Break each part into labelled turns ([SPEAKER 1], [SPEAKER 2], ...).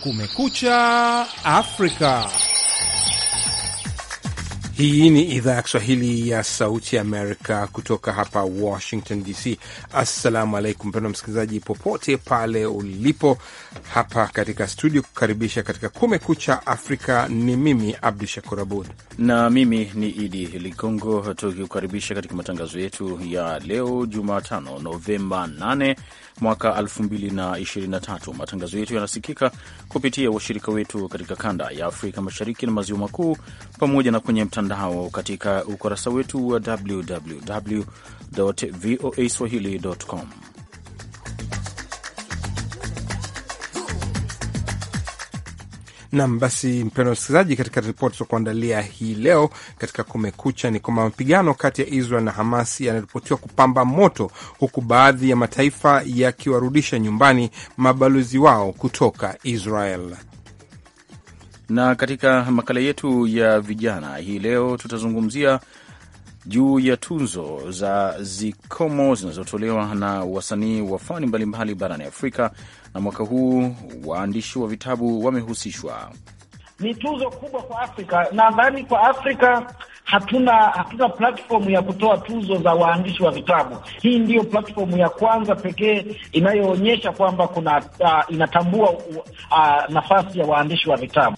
[SPEAKER 1] Kumekucha Afrika. Hii ni idhaa ya Kiswahili ya Sauti Amerika kutoka hapa Washington DC. Assalamu alaikum, mpendwa msikilizaji, popote pale ulipo, hapa katika studio kukaribisha katika Kumekucha Afrika. Ni mimi Abdu Shakur Abud
[SPEAKER 2] na mimi ni Idi Ligongo, tukikukaribisha katika matangazo yetu ya leo Jumatano Novemba 8 mwaka 2023. Matangazo yetu yanasikika kupitia washirika wetu katika kanda ya Afrika Mashariki na Maziwa Makuu pamoja na kwenye mtandao mtandao katika ukurasa wetu wa www voa swahili.com.
[SPEAKER 1] Nam basi, mpendwa msikilizaji, katika ripoti za kuandalia hii leo katika Kumekucha ni kwamba mapigano kati ya Israel na Hamas yanaripotiwa kupamba moto, huku baadhi ya mataifa yakiwarudisha nyumbani mabalozi wao kutoka Israel
[SPEAKER 2] na katika makala yetu ya vijana hii leo tutazungumzia juu ya tunzo za Zikomo zinazotolewa na wasanii wa fani mbalimbali barani Afrika, na mwaka huu waandishi wa vitabu wamehusishwa
[SPEAKER 3] ni tuzo kubwa kwa Afrika. Nadhani kwa Afrika hatuna hatuna platform ya kutoa tuzo za waandishi wa vitabu. Hii ndiyo platform ya kwanza pekee inayoonyesha kwamba kuna uh, inatambua uh, nafasi ya waandishi wa vitabu.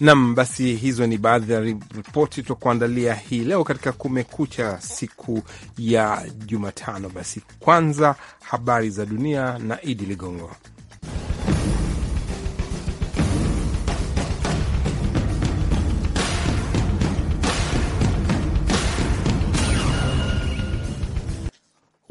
[SPEAKER 1] Nam, basi hizo ni baadhi ya ripoti tutakuandalia hii leo katika Kumekucha siku ya Jumatano. Basi kwanza habari za dunia na Idi Ligongo.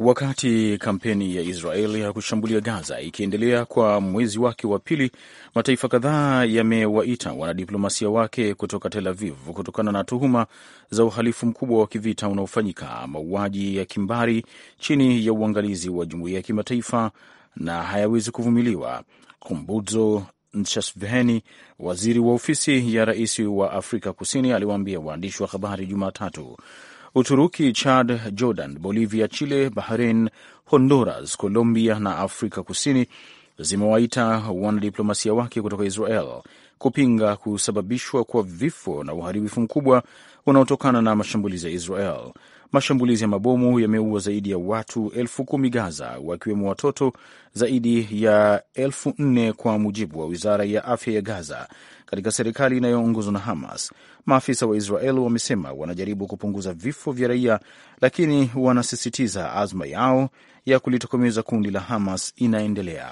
[SPEAKER 2] Wakati kampeni ya Israeli ya kushambulia Gaza ikiendelea kwa mwezi wake wa pili, mataifa kadhaa yamewaita wanadiplomasia wake kutoka Tel Aviv kutokana na tuhuma za uhalifu mkubwa wa kivita unaofanyika, mauaji ya kimbari chini ya uangalizi wa jumuiya ya kimataifa na hayawezi kuvumiliwa. kumbuzo Ntshavheni, waziri wa ofisi ya rais wa Afrika Kusini, aliwaambia waandishi wa habari Jumatatu Uturuki, Chad, Jordan, Bolivia, Chile, Bahrain, Honduras, Colombia na Afrika Kusini zimewaita wanadiplomasia wake kutoka Israel kupinga kusababishwa kwa vifo na uharibifu mkubwa unaotokana na mashambulizi ya Israel. Mashambulizi ya mabomu yameua zaidi ya watu elfu kumi Gaza, wakiwemo watoto zaidi ya elfu nne kwa mujibu wa wizara ya afya ya Gaza katika serikali inayoongozwa na Hamas. Maafisa wa Israel wamesema wanajaribu kupunguza vifo vya raia, lakini wanasisitiza azma yao ya kulitokomeza kundi la Hamas inaendelea.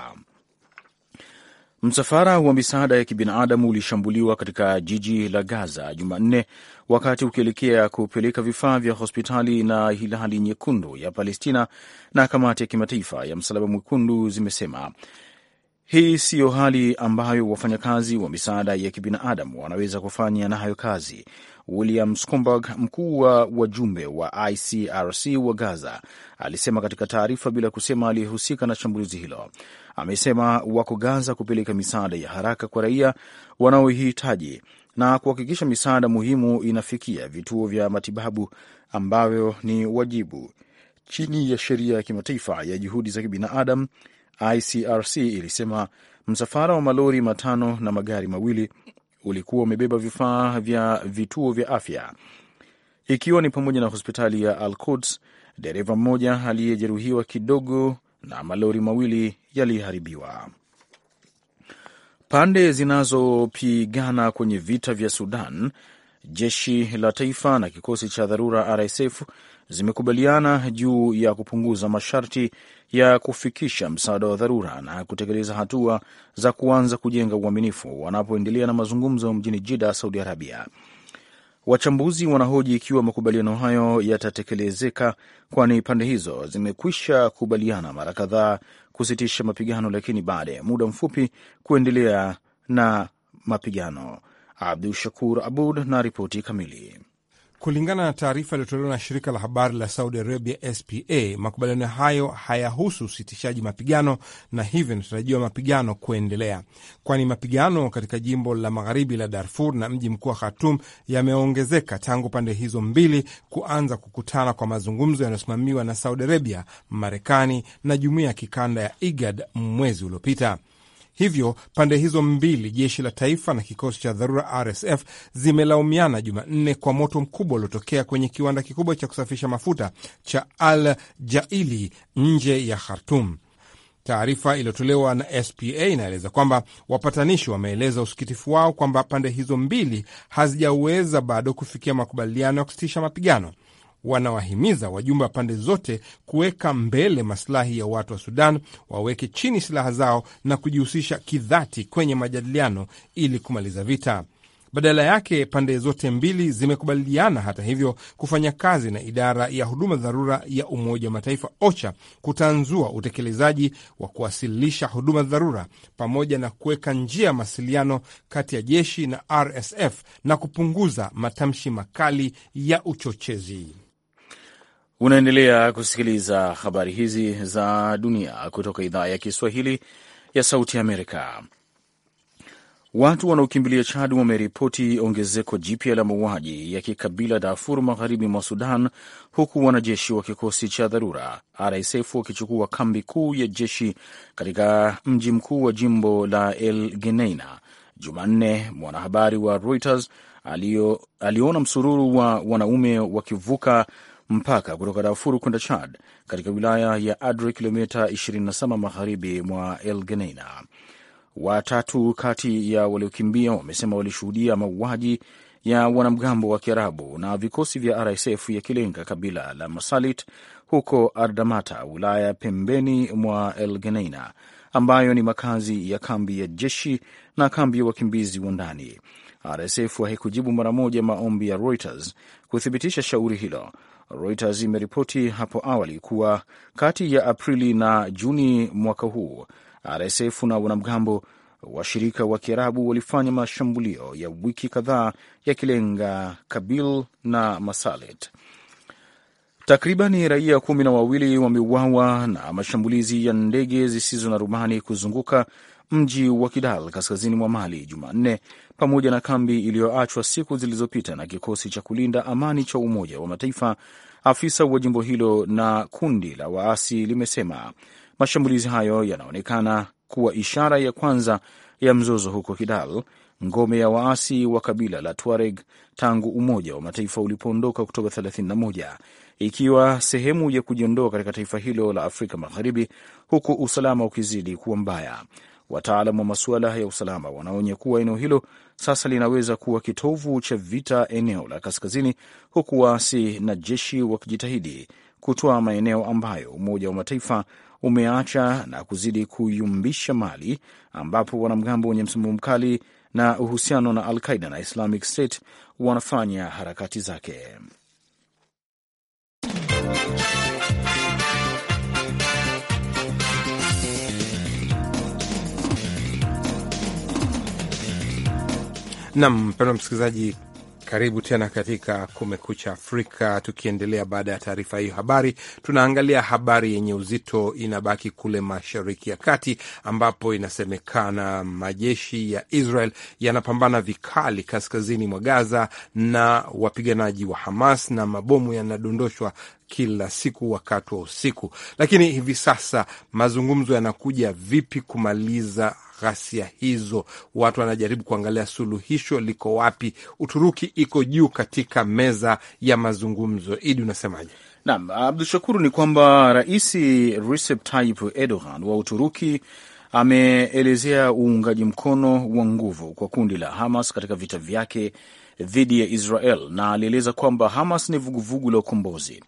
[SPEAKER 2] Msafara wa misaada ya kibinadamu ulishambuliwa katika jiji la Gaza Jumanne wakati ukielekea kupeleka vifaa vya hospitali na Hilali Nyekundu ya Palestina na Kamati ya Kimataifa ya Msalaba Mwekundu zimesema hii siyo hali ambayo wafanyakazi wa misaada ya kibinadamu wanaweza kufanya nayo kazi, William Scomberg, mkuu wa wajumbe wa ICRC wa Gaza, alisema katika taarifa, bila kusema aliyehusika na shambulizi hilo. Amesema wako Gaza kupeleka misaada ya haraka kwa raia wanaohitaji na kuhakikisha misaada muhimu inafikia vituo vya matibabu ambavyo ni wajibu chini ya sheria ya kimataifa ya juhudi za kibinadamu. ICRC ilisema msafara wa malori matano na magari mawili ulikuwa umebeba vifaa vya vituo vya afya ikiwa ni pamoja na hospitali ya Al-Quds. Dereva mmoja aliyejeruhiwa kidogo na malori mawili yaliharibiwa. Pande zinazopigana kwenye vita vya Sudan, jeshi la taifa na kikosi cha dharura RSF zimekubaliana juu ya kupunguza masharti ya kufikisha msaada wa dharura na kutekeleza hatua za kuanza kujenga uaminifu wanapoendelea na mazungumzo mjini Jida, Saudi Arabia. Wachambuzi wanahoji ikiwa makubaliano hayo yatatekelezeka, kwani pande hizo zimekwisha kubaliana mara kadhaa kusitisha mapigano, lakini baada ya muda mfupi kuendelea na mapigano. Abdu Shakur Abud na ripoti kamili.
[SPEAKER 1] Kulingana na taarifa iliyotolewa na shirika la habari la Saudi Arabia SPA, makubaliano hayo hayahusu usitishaji mapigano na hivyo inatarajiwa mapigano kuendelea, kwani mapigano katika jimbo la magharibi la Darfur na mji mkuu wa khatum yameongezeka tangu pande hizo mbili kuanza kukutana kwa mazungumzo yanayosimamiwa na Saudi Arabia, Marekani na jumuiya ya kikanda ya IGAD mwezi uliopita. Hivyo pande hizo mbili, jeshi la taifa na kikosi cha dharura RSF, zimelaumiana Jumanne kwa moto mkubwa uliotokea kwenye kiwanda kikubwa cha kusafisha mafuta cha Al Jaili nje ya Khartum. Taarifa iliyotolewa na SPA inaeleza kwamba wapatanishi wameeleza usikitifu wao kwamba pande hizo mbili hazijaweza bado kufikia makubaliano ya kusitisha mapigano wanawahimiza wajumbe wa pande zote kuweka mbele masilahi ya watu wa Sudan, waweke chini silaha zao na kujihusisha kidhati kwenye majadiliano ili kumaliza vita. Badala yake pande zote mbili zimekubaliana hata hivyo kufanya kazi na idara ya huduma dharura ya Umoja wa Mataifa OCHA kutanzua utekelezaji wa kuwasilisha huduma dharura pamoja na kuweka njia ya mawasiliano kati ya jeshi na RSF na kupunguza matamshi makali ya uchochezi.
[SPEAKER 2] Unaendelea kusikiliza habari hizi za dunia kutoka idhaa ya Kiswahili ya Sauti Amerika. Watu wanaokimbilia Chad wameripoti ongezeko jipya la mauaji ya kikabila Darfur, magharibi mwa Sudan, huku wanajeshi wa kikosi cha dharura RSF wakichukua kambi kuu ya jeshi katika mji mkuu wa jimbo la El Geneina. Jumanne, mwanahabari wa Reuters alio, aliona msururu wa wanaume wakivuka mpaka kutoka Darfur kwenda Chad katika wilaya ya Adre, kilomita 27 magharibi mwa El Geneina. Watatu kati ya waliokimbia wamesema walishuhudia mauaji ya wanamgambo wa Kiarabu na vikosi vya RSF yakilenga kabila la Masalit huko Ardamata, wilaya pembeni mwa El Geneina, ambayo ni makazi ya kambi ya jeshi na kambi ya wakimbizi wa ndani. RSF haikujibu mara moja maombi ya Reuters kuthibitisha shauri hilo, Reuters imeripoti hapo awali kuwa kati ya Aprili na Juni mwaka huu RSF na wanamgambo washirika wa Kiarabu walifanya mashambulio ya wiki kadhaa yakilenga Kabil na Masalet. Takribani raia kumi na wawili wameuawa na mashambulizi ya ndege zisizo na rubani kuzunguka mji wa Kidal kaskazini mwa Mali Jumanne, pamoja na kambi iliyoachwa siku zilizopita na kikosi cha kulinda amani cha Umoja wa Mataifa, afisa wa jimbo hilo na kundi la waasi limesema. Mashambulizi hayo yanaonekana kuwa ishara ya kwanza ya mzozo huko Kidal, ngome ya waasi wa kabila la Tuareg tangu Umoja wa Mataifa ulipoondoka Oktoba 31 ikiwa sehemu ya kujiondoa katika taifa hilo la Afrika Magharibi, huku usalama ukizidi kuwa mbaya. Wataalamu wa masuala ya usalama wanaonya kuwa eneo hilo sasa linaweza kuwa kitovu cha vita eneo la kaskazini, huku waasi na jeshi wakijitahidi kutoa maeneo ambayo Umoja wa Mataifa umeacha na kuzidi kuyumbisha Mali, ambapo wanamgambo wenye msimamo mkali na uhusiano na Al Qaida na Islamic State wanafanya harakati zake.
[SPEAKER 1] Nam mpendwa msikilizaji, karibu tena katika Kumekucha Afrika. Tukiendelea baada ya taarifa hiyo habari, tunaangalia habari yenye uzito, inabaki kule Mashariki ya Kati ambapo inasemekana majeshi ya Israel yanapambana vikali kaskazini mwa Gaza na wapiganaji wa Hamas na mabomu yanadondoshwa kila siku wakati wa usiku. Lakini hivi sasa mazungumzo yanakuja vipi kumaliza ghasia hizo. Watu wanajaribu kuangalia suluhisho liko wapi. Uturuki iko juu katika meza ya mazungumzo. Idi, unasemaje? Naam, Abdu Shakuru, ni
[SPEAKER 2] kwamba Rais Recep Tayyip Erdogan wa Uturuki ameelezea uungaji mkono wa nguvu kwa kundi la Hamas katika vita vyake dhidi ya Israel na alieleza kwamba Hamas ni vuguvugu la ukombozi.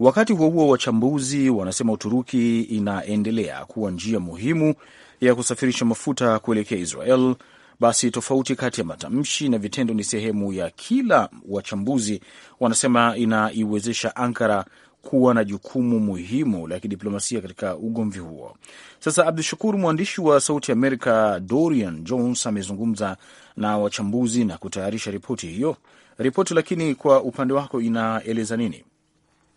[SPEAKER 2] Wakati huo huo, wachambuzi wanasema Uturuki inaendelea kuwa njia muhimu ya kusafirisha mafuta kuelekea Israel, basi tofauti kati ya matamshi na vitendo ni sehemu ya kila wachambuzi wanasema inaiwezesha Ankara kuwa na jukumu muhimu la kidiplomasia katika ugomvi huo. Sasa Abdu Shakur, mwandishi wa Sauti Amerika Dorian Jones amezungumza na wachambuzi na kutayarisha ripoti hiyo ripoti, lakini kwa upande wako inaeleza nini?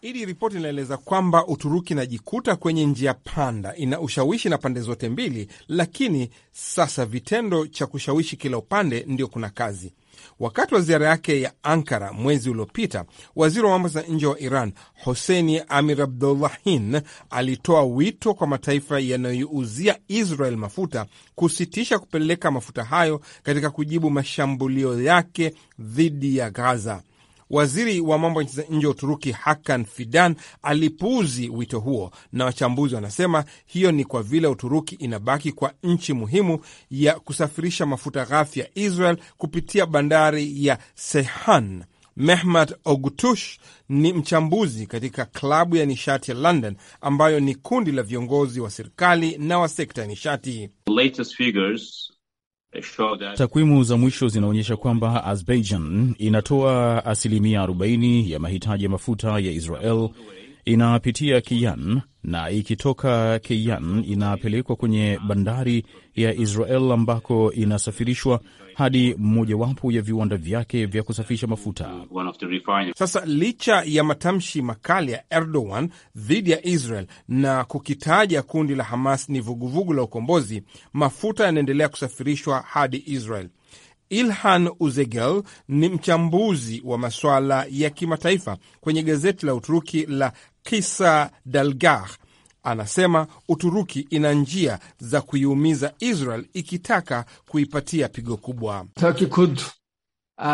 [SPEAKER 1] Idi, ripoti inaeleza kwamba Uturuki inajikuta kwenye njia panda, ina ushawishi na pande zote mbili, lakini sasa vitendo cha kushawishi kila upande ndio kuna kazi. Wakati wa ziara yake ya Ankara mwezi uliopita, waziri wa mambo za nje wa Iran hoseni Amir abdullahin alitoa wito kwa mataifa yanayouzia Israel mafuta kusitisha kupeleka mafuta hayo katika kujibu mashambulio yake dhidi ya Gaza. Waziri wa mambo ya nje wa Uturuki Hakan Fidan alipuuzi wito huo, na wachambuzi wanasema hiyo ni kwa vile Uturuki inabaki kwa nchi muhimu ya kusafirisha mafuta ghafi ya Israel kupitia bandari ya Sehan. Mehmet Ogutush ni mchambuzi katika klabu ya nishati ya London ambayo ni kundi la viongozi wa serikali na wa sekta ya nishati. The latest figures
[SPEAKER 2] Takwimu za mwisho zinaonyesha kwamba Azerbaijan inatoa asilimia 40 ya mahitaji ya mafuta ya Israel inapitia Kiyan na ikitoka Kiyan inapelekwa kwenye bandari ya Israel ambako inasafirishwa hadi mmojawapo ya viwanda vyake vya kusafisha
[SPEAKER 1] mafuta. Sasa licha ya matamshi makali ya Erdogan dhidi ya Israel na kukitaja kundi la Hamas ni vuguvugu la ukombozi, mafuta yanaendelea kusafirishwa hadi Israel. Ilhan Uzegel ni mchambuzi wa masuala ya kimataifa kwenye gazeti la Uturuki la Kisa dalgar Anasema Uturuki ina njia za kuiumiza Israel ikitaka kuipatia pigo kubwa. Uh,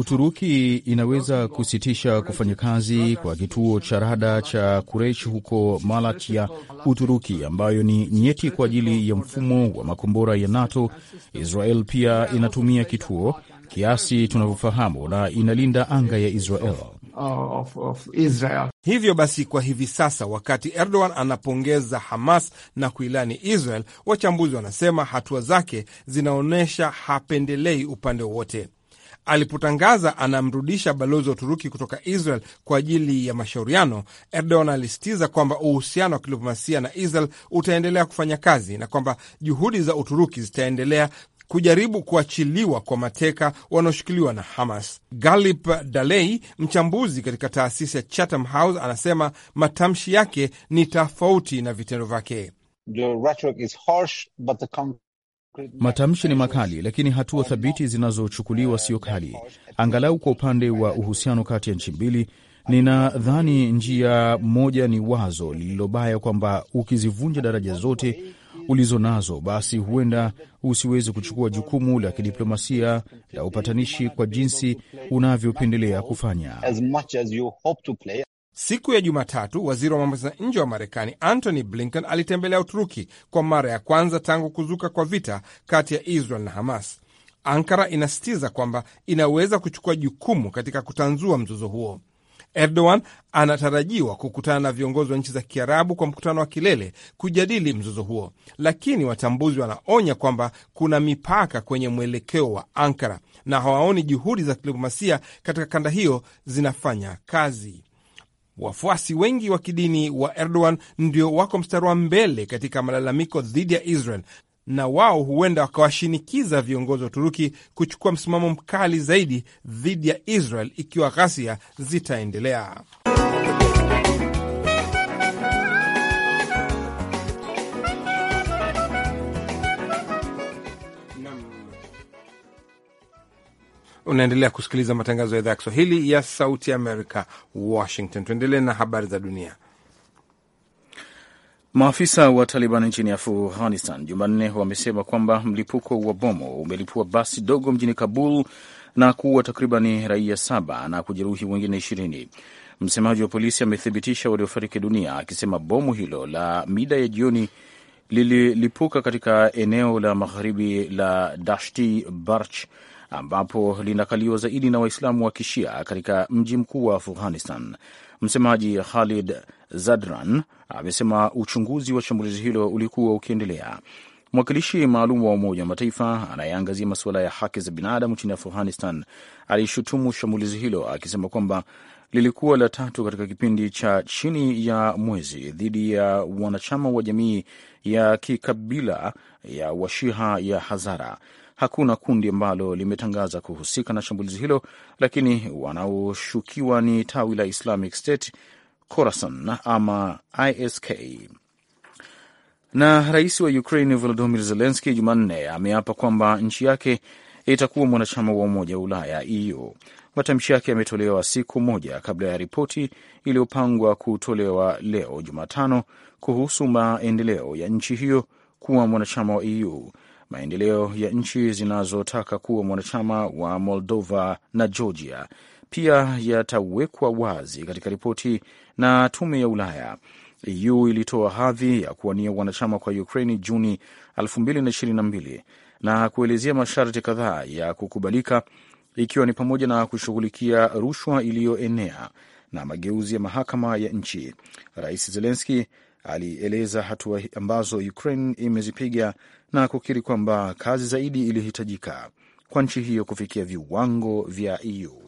[SPEAKER 2] Uturuki inaweza kusitisha kufanya kazi kwa kituo cha rada cha Kureish huko Malatya, Uturuki, ambayo ni nyeti kwa ajili ya mfumo wa makombora ya NATO. Israel pia inatumia kituo kiasi tunavyofahamu, na inalinda anga ya Israel.
[SPEAKER 1] Uh, of, of Israel. Hivyo basi kwa hivi sasa, wakati Erdogan anapongeza Hamas na kuilani Israel, wachambuzi wanasema hatua zake zinaonyesha hapendelei upande wowote. Alipotangaza anamrudisha balozi wa Uturuki kutoka Israel kwa ajili ya mashauriano, Erdogan alisitiza kwamba uhusiano wa kidiplomasia na Israel utaendelea kufanya kazi na kwamba juhudi za Uturuki zitaendelea kujaribu kuachiliwa kwa mateka wanaoshikiliwa na Hamas. Galip Dalei, mchambuzi katika taasisi ya Chatham House, anasema matamshi yake ni tofauti na vitendo vyake.
[SPEAKER 2] Matamshi ni makali, lakini hatua thabiti zinazochukuliwa sio kali, angalau kwa upande wa uhusiano kati ya nchi mbili. Ninadhani njia moja ni wazo lililobaya kwamba ukizivunja daraja zote ulizo nazo, basi huenda usiweze kuchukua jukumu la kidiplomasia la upatanishi kwa jinsi unavyopendelea kufanya.
[SPEAKER 1] Siku ya Jumatatu, waziri wa mambo za nje wa Marekani Antony Blinken alitembelea Uturuki kwa mara ya kwanza tangu kuzuka kwa vita kati ya Israel na Hamas. Ankara inasisitiza kwamba inaweza kuchukua jukumu katika kutanzua mzozo huo. Erdogan anatarajiwa kukutana na viongozi wa nchi za Kiarabu kwa mkutano wa kilele kujadili mzozo huo, lakini wachambuzi wanaonya kwamba kuna mipaka kwenye mwelekeo wa Ankara na hawaoni juhudi za kidiplomasia katika kanda hiyo zinafanya kazi. Wafuasi wengi wa kidini wa Erdogan ndio wako mstari wa mbele katika malalamiko dhidi ya Israel na wao huenda wakawashinikiza viongozi wa Uturuki kuchukua msimamo mkali zaidi dhidi ya Israel ikiwa ghasia zitaendelea. Unaendelea kusikiliza matangazo ya idhaa ya Kiswahili ya Sauti Amerika, Washington. Tuendelee na habari za dunia.
[SPEAKER 2] Maafisa wa Taliban nchini Afghanistan Jumanne wamesema kwamba mlipuko wa bomu umelipua basi dogo mjini Kabul na kuua takribani raia saba na kujeruhi wengine ishirini. Msemaji wa polisi amethibitisha waliofariki dunia akisema bomu hilo la mida ya jioni lililipuka katika eneo la magharibi la Dashti Barch ambapo linakaliwa zaidi na Waislamu wa Kishia katika mji mkuu wa Afghanistan. Msemaji Khalid Zadran amesema uchunguzi wa shambulizi hilo ulikuwa ukiendelea. Mwakilishi maalum wa Umoja wa Mataifa anayeangazia masuala ya haki za binadamu nchini Afghanistan alishutumu shambulizi hilo akisema kwamba lilikuwa la tatu katika kipindi cha chini ya mwezi dhidi ya wanachama wa jamii ya kikabila ya Washiha ya Hazara. Hakuna kundi ambalo limetangaza kuhusika na shambulizi hilo, lakini wanaoshukiwa ni tawi la Islamic State Khorasan ama ISK. Na rais wa Ukraine Volodymyr Zelensky Jumanne ameapa kwamba nchi yake itakuwa mwanachama wa Umoja wa Ulaya EU. Matamshi yake yametolewa siku moja kabla ya ripoti iliyopangwa kutolewa leo Jumatano kuhusu maendeleo ya nchi hiyo kuwa mwanachama wa EU maendeleo ya nchi zinazotaka kuwa mwanachama wa Moldova na Georgia pia yatawekwa wazi katika ripoti na tume ya Ulaya. EU ilitoa hadhi ya kuwania wanachama kwa Ukraini Juni 2022 na kuelezea masharti kadhaa ya kukubalika, ikiwa ni pamoja na kushughulikia rushwa iliyoenea na mageuzi ya mahakama ya nchi. Rais Zelenski alieleza hatua ambazo Ukraine imezipiga na kukiri kwamba kazi zaidi ilihitajika kwa nchi hiyo kufikia viwango vya EU.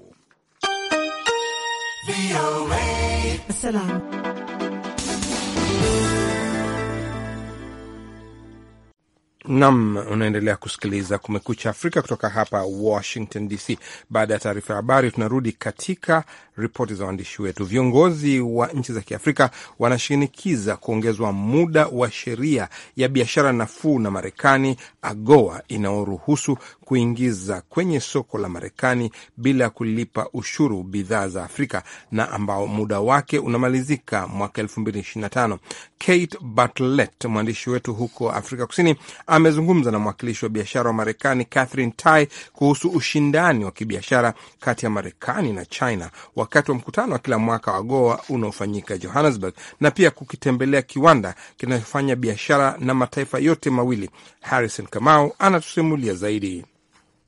[SPEAKER 1] Nam, unaendelea kusikiliza Kumekucha Afrika kutoka hapa Washington DC. Baada ya taarifa ya habari, tunarudi katika ripoti za waandishi wetu. Viongozi wa nchi za Kiafrika wanashinikiza kuongezwa muda wa sheria ya biashara nafuu na Marekani, AGOA, inayoruhusu kuingiza kwenye soko la Marekani bila kulipa ushuru bidhaa za Afrika na ambao muda wake unamalizika mwaka 2025. Kate Bartlett, mwandishi wetu huko Afrika Kusini, amezungumza na mwakilishi wa biashara wa Marekani Catherine Tai kuhusu ushindani wa kibiashara kati ya Marekani na China wakati wa mkutano wa kila mwaka wa GOA unaofanyika Johannesburg, na pia kukitembelea kiwanda kinachofanya biashara na mataifa yote mawili. Harrison Kamau anatusimulia zaidi.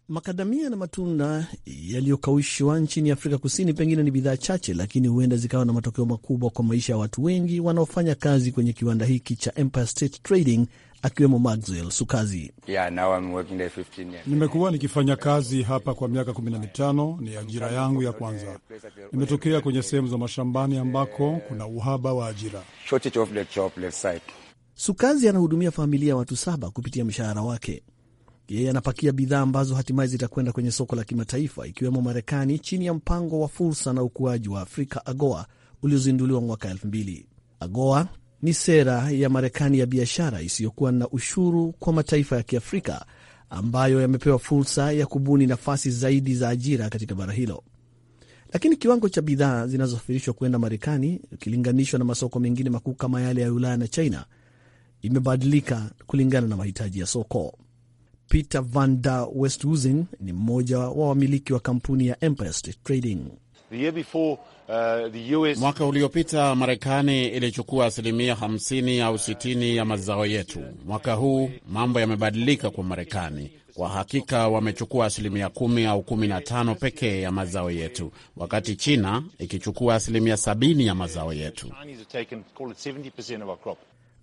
[SPEAKER 4] Makadamia na matunda yaliyokaushwa nchini Afrika Kusini pengine ni bidhaa chache, lakini huenda zikawa na matokeo makubwa kwa maisha ya watu wengi wanaofanya kazi kwenye kiwanda hiki cha Empire State Trading akiwemo Maxwell Sukazi.
[SPEAKER 1] Yeah, nimekuwa
[SPEAKER 4] nikifanya kazi hapa kwa miaka 15. Ni ajira yangu ya kwanza. Nimetokea kwenye sehemu za mashambani ambako kuna uhaba wa ajira. Sukazi anahudumia familia ya watu saba kupitia mshahara wake. Yeye anapakia bidhaa ambazo hatimaye zitakwenda kwenye soko la kimataifa ikiwemo Marekani chini ya mpango wa fursa na ukuaji wa Afrika AGOA uliozinduliwa mwaka 2000. AGOA ni sera ya Marekani ya biashara isiyokuwa na ushuru kwa mataifa ya Kiafrika ambayo yamepewa fursa ya kubuni nafasi zaidi za ajira katika bara hilo. Lakini kiwango cha bidhaa zinazosafirishwa kwenda Marekani ikilinganishwa na masoko mengine makuu kama yale ya Ulaya na China imebadilika kulingana na mahitaji ya soko. Peter van der Westhuizen ni mmoja wa wamiliki wa kampuni ya Empire State Trading.
[SPEAKER 5] US... Uh, mwaka
[SPEAKER 2] uliopita Marekani ilichukua asilimia 50 au 60 ya mazao yetu. Mwaka huu mambo yamebadilika kwa Marekani. Kwa hakika wamechukua asilimia kumi au 15 na tano pekee ya mazao yetu, wakati China ikichukua asilimia 70 ya mazao yetu.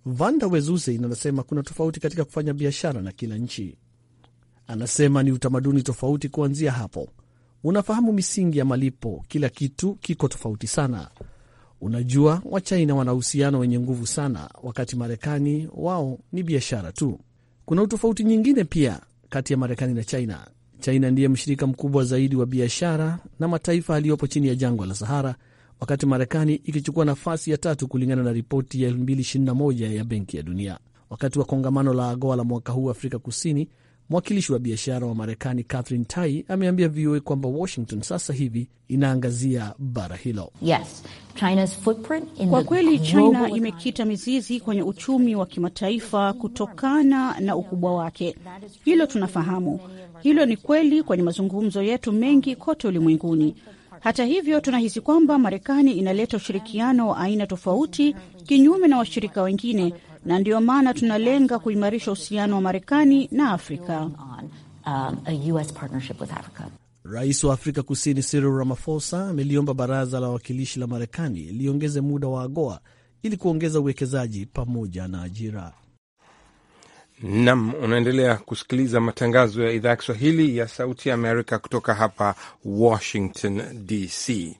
[SPEAKER 4] Vanda Wezusein anasema kuna tofauti katika kufanya biashara na kila nchi. Anasema ni utamaduni tofauti kuanzia hapo unafahamu misingi ya malipo, kila kitu kiko tofauti sana. Unajua, Wachina wana uhusiano wenye nguvu sana, wakati Marekani wao ni biashara tu. Kuna utofauti nyingine pia kati ya Marekani na China. China ndiye mshirika mkubwa zaidi wa biashara na mataifa yaliyopo chini ya jangwa la Sahara, wakati Marekani ikichukua nafasi ya tatu kulingana na ripoti ya 2021 ya Benki ya Dunia. Wakati wa kongamano la AGOA la mwaka huu Afrika Kusini, Mwakilishi wa biashara wa Marekani Catherine Tai ameambia VOA kwamba Washington sasa hivi inaangazia bara hilo.
[SPEAKER 3] Yes, kwa kweli China imekita mizizi kwenye uchumi wa kimataifa kutokana na ukubwa wake. Hilo tunafahamu, hilo ni kweli kwenye mazungumzo yetu mengi kote ulimwenguni. Hata hivyo, tunahisi kwamba Marekani inaleta ushirikiano wa aina tofauti, kinyume na washirika wengine na ndiyo maana tunalenga kuimarisha uhusiano wa Marekani na Afrika. Um,
[SPEAKER 4] Rais wa Afrika Kusini Cyril Ramaphosa ameliomba baraza la wawakilishi la Marekani liongeze muda wa AGOA ili kuongeza uwekezaji pamoja na ajira.
[SPEAKER 1] Nam, unaendelea kusikiliza matangazo ya idhaa ya Kiswahili ya Sauti ya Amerika kutoka hapa Washington DC.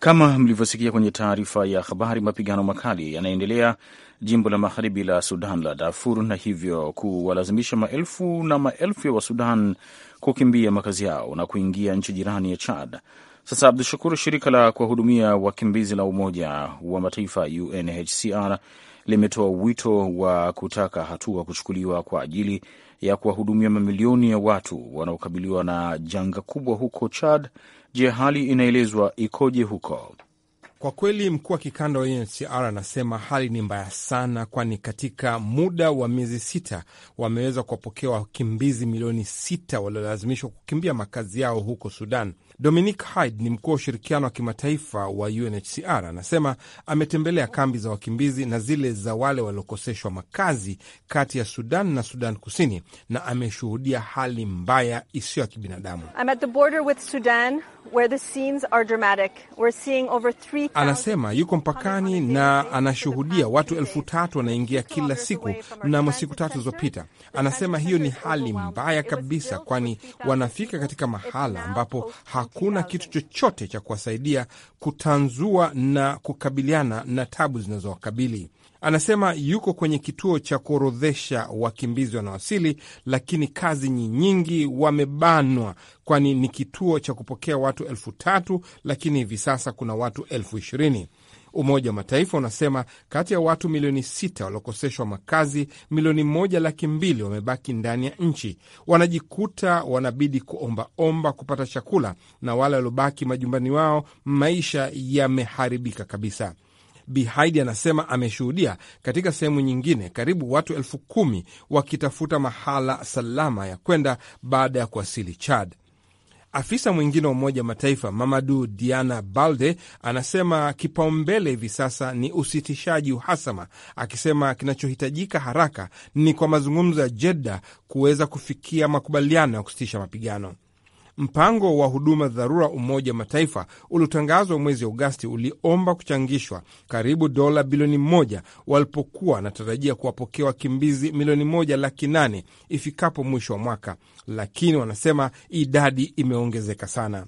[SPEAKER 1] Kama mlivyosikia kwenye taarifa ya habari, mapigano
[SPEAKER 2] makali yanaendelea jimbo la magharibi la Sudan la Darfur na hivyo kuwalazimisha maelfu na maelfu ya Wasudan kukimbia makazi yao na kuingia nchi jirani ya Chad. Sasa Abdu Shakur, shirika la kuwahudumia wakimbizi la Umoja wa Mataifa UNHCR limetoa wito wa kutaka hatua kuchukuliwa kwa ajili ya kuwahudumia mamilioni ya watu wanaokabiliwa na janga kubwa huko Chad. Je, hali inaelezwa ikoje huko?
[SPEAKER 1] Kwa kweli mkuu wa kikanda wa UNHCR anasema hali ni mbaya sana, kwani katika muda wa miezi sita wameweza kuwapokea wakimbizi milioni sita waliolazimishwa kukimbia makazi yao huko Sudan. Dominic Hyde ni mkuu wa ushirikiano wa kimataifa wa UNHCR anasema ametembelea kambi za wakimbizi na zile za wale waliokoseshwa makazi kati ya Sudan na Sudan Kusini, na ameshuhudia hali mbaya isiyo ya kibinadamu. Anasema yuko mpakani na anashuhudia watu elfu tatu wanaingia kila siku mnamo siku tatu zilizopita. Anasema hiyo ni hali mbaya kabisa, kwani wanafika katika mahala ambapo hakuna kitu chochote cha kuwasaidia kutanzua na kukabiliana na tabu zinazowakabili. Anasema yuko kwenye kituo cha kuorodhesha wakimbizi wanaowasili, lakini kazi nyingi wamebanwa, kwani ni kituo cha kupokea watu elfu tatu, lakini hivi sasa kuna watu elfu ishirini. Umoja wa Mataifa unasema kati ya watu milioni sita waliokoseshwa makazi, milioni moja laki mbili wamebaki ndani ya nchi, wanajikuta wanabidi kuombaomba kupata chakula, na wale waliobaki majumbani wao maisha yameharibika kabisa. bihaidi anasema ameshuhudia katika sehemu nyingine karibu watu elfu kumi wakitafuta mahala salama ya kwenda baada ya kuwasili Chad. Afisa mwingine wa Umoja wa Mataifa Mamadu Diana Balde anasema kipaumbele hivi sasa ni usitishaji uhasama, akisema kinachohitajika haraka ni kwa mazungumzo ya Jedda kuweza kufikia makubaliano ya kusitisha mapigano. Mpango wa huduma dharura Umoja Mataifa uliotangazwa mwezi Agosti uliomba kuchangishwa karibu dola bilioni moja walipokuwa wanatarajia kuwapokea wakimbizi milioni moja laki nane ifikapo mwisho wa mwaka, lakini wanasema idadi imeongezeka sana.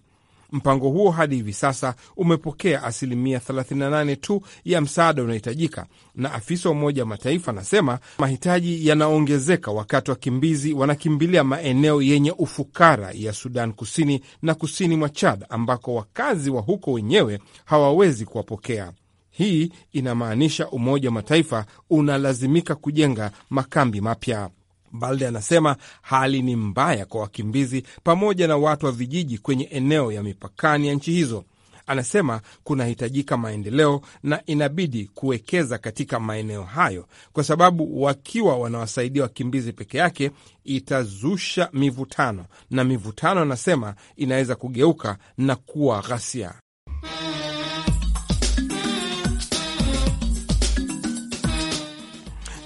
[SPEAKER 1] Mpango huo hadi hivi sasa umepokea asilimia 38 tu ya msaada unaohitajika, na afisa wa Umoja wa Mataifa anasema mahitaji yanaongezeka wakati wakimbizi wanakimbilia maeneo yenye ufukara ya Sudan Kusini na kusini mwa Chad, ambako wakazi wa huko wenyewe hawawezi kuwapokea. Hii inamaanisha Umoja wa Mataifa unalazimika kujenga makambi mapya. Balde anasema hali ni mbaya kwa wakimbizi pamoja na watu wa vijiji kwenye eneo ya mipakani ya nchi hizo. Anasema kunahitajika maendeleo na inabidi kuwekeza katika maeneo hayo, kwa sababu wakiwa wanawasaidia wakimbizi peke yake itazusha mivutano, na mivutano, anasema inaweza kugeuka na kuwa ghasia.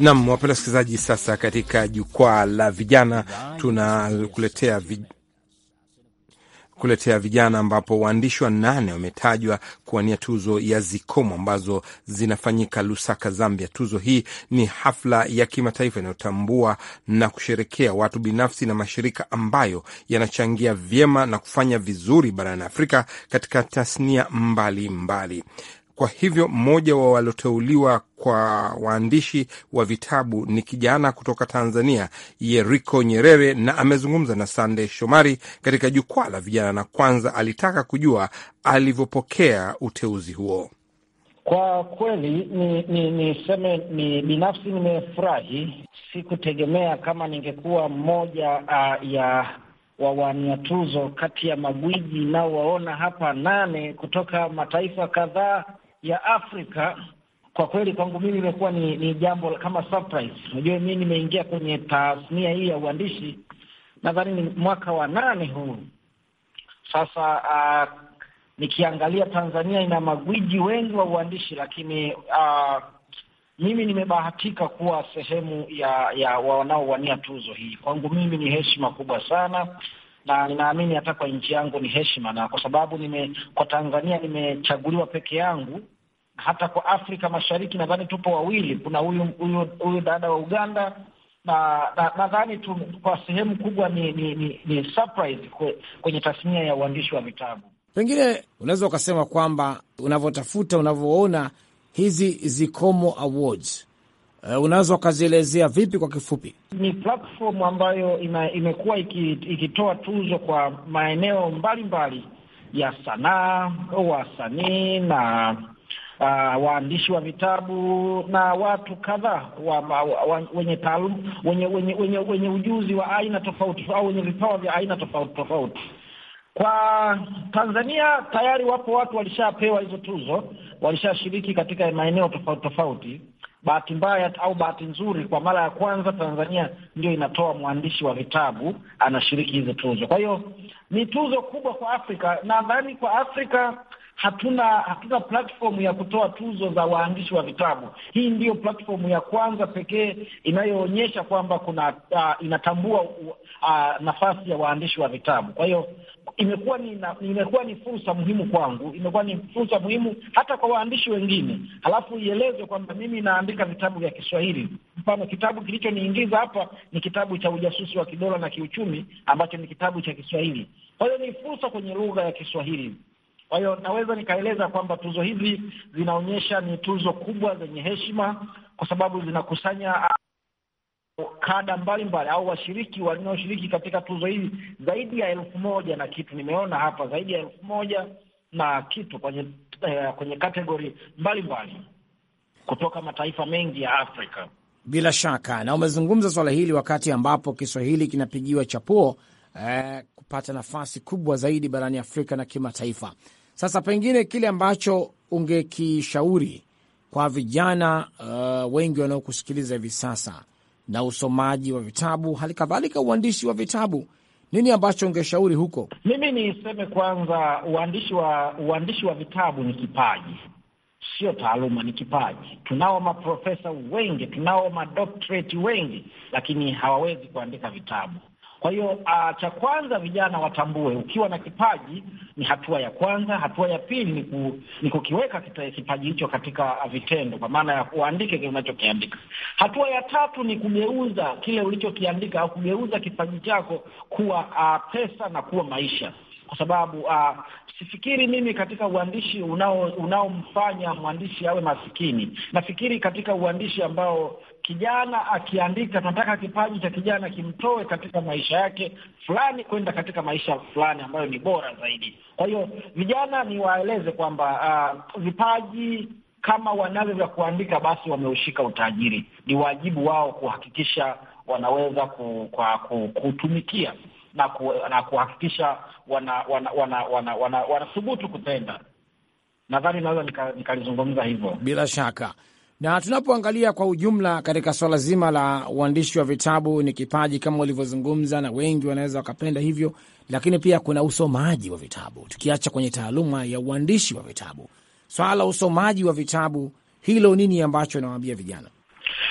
[SPEAKER 1] Nam, wapenda wasikilizaji, sasa katika jukwaa la vijana tunakuletea vi kuletea vijana ambapo waandishi wa nane wametajwa kuwania tuzo ya Zikomo ambazo zinafanyika Lusaka, Zambia. Tuzo hii ni hafla ya kimataifa inayotambua na kusherekea watu binafsi na mashirika ambayo yanachangia vyema na kufanya vizuri barani Afrika katika tasnia mbalimbali mbali. Kwa hivyo mmoja wa walioteuliwa kwa waandishi wa vitabu ni kijana kutoka Tanzania, Yeriko Nyerere, na amezungumza na Sandey Shomari katika jukwaa la vijana, na kwanza alitaka kujua alivyopokea uteuzi huo. Kwa kweli
[SPEAKER 3] niseme ni, ni, ni binafsi nimefurahi. Sikutegemea kama ningekuwa mmoja uh, ya wawania tuzo kati ya magwiji nao waona hapa nane kutoka mataifa kadhaa ya Afrika kwa kweli kwangu mimi imekuwa ni, ni jambo kama surprise. Unajua, mimi nimeingia kwenye tasnia hii ya uandishi nadhani ni mwaka wa nane huu sasa. Uh, nikiangalia Tanzania ina magwiji wengi wa uandishi, lakini uh, mimi nimebahatika kuwa sehemu ya ya wanaowania tuzo hii. Kwangu mimi ni heshima kubwa sana, na ninaamini hata kwa nchi yangu ni heshima, na kwa sababu nime, kwa Tanzania nimechaguliwa peke yangu hata kwa Afrika Mashariki nadhani tupo wawili. Kuna huyu huyu huyu dada wa Uganda na nadhani na, kwa sehemu kubwa ni, ni, ni, ni surprise kwe, kwenye tasnia ya uandishi wa vitabu.
[SPEAKER 5] Pengine unaweza ukasema kwamba unavyotafuta, unavyoona hizi Zikomo Awards uh, unaweza ukazielezea vipi kwa kifupi?
[SPEAKER 3] Ni platform ambayo ina, imekuwa ikitoa tuzo kwa maeneo mbalimbali mbali ya sanaa, wasanii na uh, waandishi wa vitabu na watu kadhaa wa, wa, wa, wenye taalum wenye, wenye, wenye, wenye ujuzi wa aina tofauti au wenye vipawa vya aina tofauti tofauti. Kwa Tanzania tayari wapo watu walishapewa hizo tuzo, walishashiriki katika maeneo tofauti tofauti. Bahati mbaya au bahati nzuri, kwa mara ya kwanza Tanzania ndio inatoa mwandishi wa vitabu anashiriki hizo tuzo. Kwa hiyo ni tuzo kubwa kwa Afrika. Nadhani kwa Afrika hatuna hatuna platform ya kutoa tuzo za waandishi wa vitabu. Hii ndiyo platform ya kwanza pekee inayoonyesha kwamba kuna uh, inatambua uh, nafasi ya waandishi wa vitabu. Kwa hiyo imekuwa ni imekuwa ni fursa muhimu kwangu, imekuwa ni fursa muhimu hata kwa waandishi wengine. Halafu ielezwe kwamba mimi naandika vitabu vya Kiswahili. Mfano, kitabu kilichoniingiza hapa ni kitabu cha ujasusi wa kidola na kiuchumi ambacho ni kitabu cha Kiswahili. Kwa hiyo ni fursa kwenye lugha ya Kiswahili. Kwa hiyo naweza nikaeleza kwamba tuzo hizi zinaonyesha ni tuzo kubwa zenye heshima, kwa sababu zinakusanya ah, kada mbalimbali au washiriki wanaoshiriki katika tuzo hizi zaidi ya elfu moja na kitu. Nimeona hapa zaidi ya elfu moja na kitu kwenye eh, kwenye kategori mbalimbali kutoka mataifa mengi ya Afrika.
[SPEAKER 5] Bila shaka, na umezungumza swala hili wakati ambapo Kiswahili kinapigiwa chapuo eh, kupata nafasi kubwa zaidi barani Afrika na kimataifa. Sasa pengine kile ambacho ungekishauri kwa vijana uh, wengi wanaokusikiliza hivi sasa na usomaji wa vitabu, hali kadhalika
[SPEAKER 3] uandishi wa vitabu, nini ambacho ungeshauri huko? Mimi niseme kwanza, uandishi wa uandishi wa vitabu ni kipaji, sio taaluma, ni kipaji. Tunao maprofesa wengi, tunao madoktoreti wengi, lakini hawawezi kuandika vitabu. Kwa hiyo uh, cha kwanza vijana watambue, ukiwa na kipaji ni hatua ya kwanza. Hatua ya pili ni, ku, ni kukiweka kipaji hicho katika vitendo, kwa maana ya kuandike kile unachokiandika. Hatua ya tatu ni kugeuza kile ulichokiandika au kugeuza kipaji chako kuwa uh, pesa na kuwa maisha, kwa sababu uh, sifikiri mimi katika uandishi unaomfanya unao mwandishi awe masikini. Nafikiri katika uandishi ambao kijana akiandika, nataka kipaji cha kijana kimtoe katika maisha yake fulani kwenda katika maisha fulani ambayo ni bora zaidi. Kwa hiyo vijana niwaeleze kwamba uh, vipaji kama wanavyo vya kuandika, basi wameushika utajiri. Ni wajibu wao kuhakikisha wanaweza ku, kwa, ku, kutumikia na, ku, na kuhakikisha wanathubutu wana, wana, wana, wana, wana kutenda. Nadhani naweza nikalizungumza nika hivyo bila shaka.
[SPEAKER 5] Na tunapoangalia kwa ujumla katika swala zima la uandishi wa vitabu, ni kipaji kama ulivyozungumza, na wengi wanaweza wakapenda hivyo, lakini pia kuna usomaji wa vitabu. Tukiacha kwenye taaluma ya uandishi wa vitabu, swala la usomaji wa vitabu, hilo nini ambacho nawaambia vijana?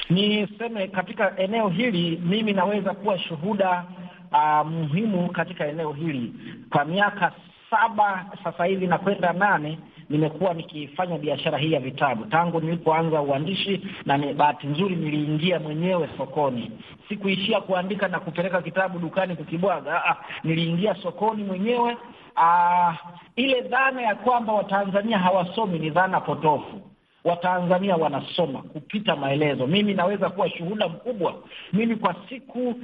[SPEAKER 3] Niseme katika eneo hili mimi naweza kuwa shuhuda uh, muhimu katika eneo hili kwa miaka saba sasa hivi nakwenda nane nimekuwa nikifanya biashara hii ya vitabu tangu nilipoanza uandishi, na ni bahati nzuri niliingia mwenyewe sokoni. Sikuishia kuandika na kupeleka kitabu dukani kukibwaga. Ah, ah, niliingia sokoni mwenyewe. Ah, ile dhana ya kwamba Watanzania hawasomi ni dhana potofu. Watanzania wanasoma kupita maelezo. Mimi naweza kuwa shuhuda mkubwa. Mimi kwa siku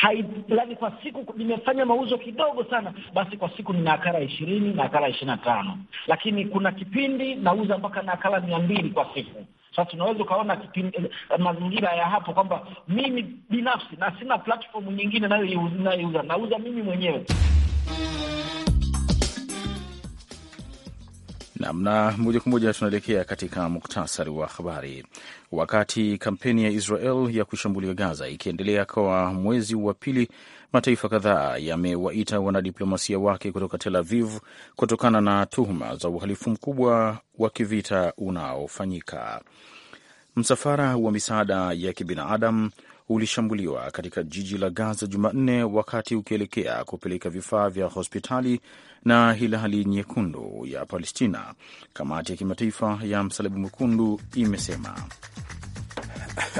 [SPEAKER 3] haiani kwa siku nimefanya mauzo kidogo sana, basi kwa siku nina nakala ishirini nakala ishirini na tano lakini kuna kipindi nauza mpaka nakala mia mbili kwa siku. Sasa tunaweza ukaona eh, mazingira ya hapo kwamba mimi binafsi na sina platform nyingine nayoiuza, nauza mimi mwenyewe.
[SPEAKER 2] Nam na moja kwa moja tunaelekea katika muktasari wa habari. Wakati kampeni ya Israel ya kushambulia Gaza ikiendelea kwa mwezi wa pili, mataifa kadhaa yamewaita wanadiplomasia wake kutoka Tel Aviv kutokana na tuhuma za uhalifu mkubwa wa kivita unaofanyika. Msafara wa misaada ya kibinadamu ulishambuliwa katika jiji la Gaza Jumanne wakati ukielekea kupeleka vifaa vya hospitali na Hilali Nyekundu ya Palestina, kamati ya kimataifa ya Msalaba Mwekundu imesema.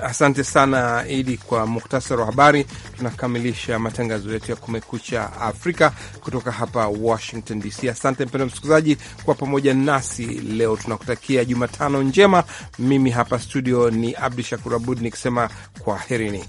[SPEAKER 1] Asante sana Idi kwa muhtasari wa habari. Tunakamilisha matangazo yetu ya Kumekucha Afrika kutoka hapa Washington DC. Asante mpendwa msikilizaji kwa pamoja nasi leo, tunakutakia Jumatano njema. Mimi hapa studio ni Abdu Shakur Abud nikisema kwaherini.